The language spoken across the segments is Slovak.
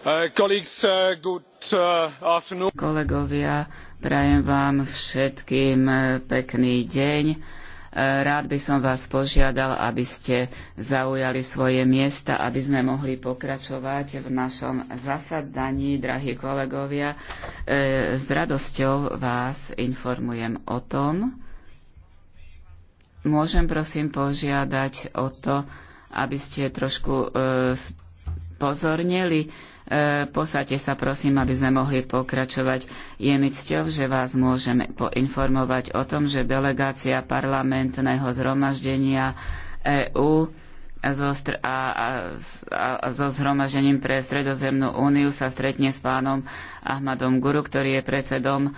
Uh, uh, uh, kolegovia, prajem vám všetkým pekný deň. Rád by som vás požiadal, aby ste zaujali svoje miesta, aby sme mohli pokračovať v našom zasadaní, drahí kolegovia. S radosťou vás informujem o tom. Môžem prosím požiadať o to, aby ste trošku spozornili. E, posaďte sa prosím, aby sme mohli pokračovať. Je mi cťou, že vás môžeme poinformovať o tom, že delegácia parlamentného zhromaždenia EÚ so, a, a, a so zhromažením pre Stredozemnú úniu sa stretne s pánom Ahmadom Guru, ktorý je predsedom e,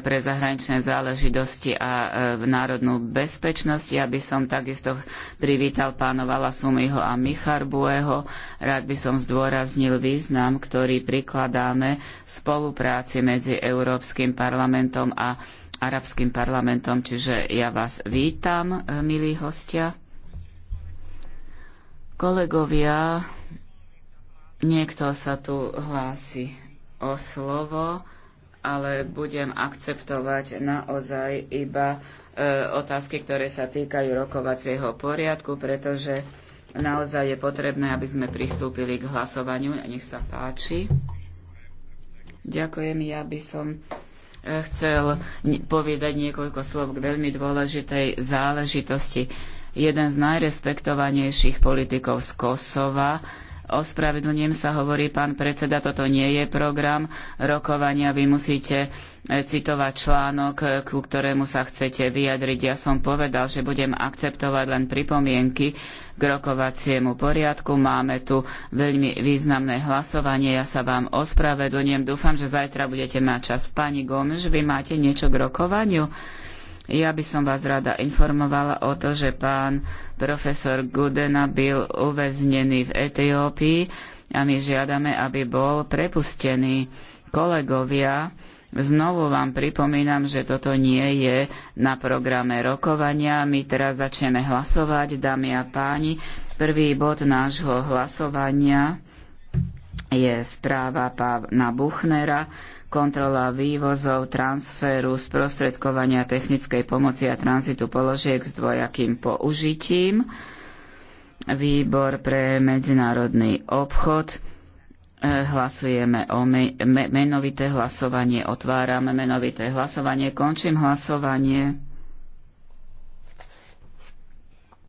pre zahraničné záležitosti a e, národnú bezpečnosť. Ja by som takisto privítal pánov Alasumiho a Micharbueho. Rád by som zdôraznil význam, ktorý prikladáme spolupráci medzi Európskym parlamentom a Arabským parlamentom. Čiže ja vás vítam, e, milí hostia. Kolegovia, niekto sa tu hlási o slovo, ale budem akceptovať naozaj iba e, otázky, ktoré sa týkajú rokovacieho poriadku, pretože naozaj je potrebné, aby sme pristúpili k hlasovaniu. Nech sa páči. Ďakujem, ja by som e, chcel povedať niekoľko slov k veľmi dôležitej záležitosti jeden z najrespektovanejších politikov z Kosova. Ospravedlňujem sa, hovorí pán predseda, toto nie je program rokovania. Vy musíte e, citovať článok, e, ku ktorému sa chcete vyjadriť. Ja som povedal, že budem akceptovať len pripomienky k rokovaciemu poriadku. Máme tu veľmi významné hlasovanie. Ja sa vám ospravedlňujem. Dúfam, že zajtra budete mať čas. Pani Gomeš, vy máte niečo k rokovaniu? Ja by som vás rada informovala o to, že pán profesor Gudena byl uväznený v Etiópii a my žiadame, aby bol prepustený. Kolegovia, Znovu vám pripomínam, že toto nie je na programe rokovania. My teraz začneme hlasovať, dámy a páni. Prvý bod nášho hlasovania je správa pána Buchnera, kontrola vývozov, transferu, sprostredkovania technickej pomoci a tranzitu položiek s dvojakým použitím, výbor pre medzinárodný obchod, e, hlasujeme o me- menovité hlasovanie, otvárame menovité hlasovanie, končím hlasovanie.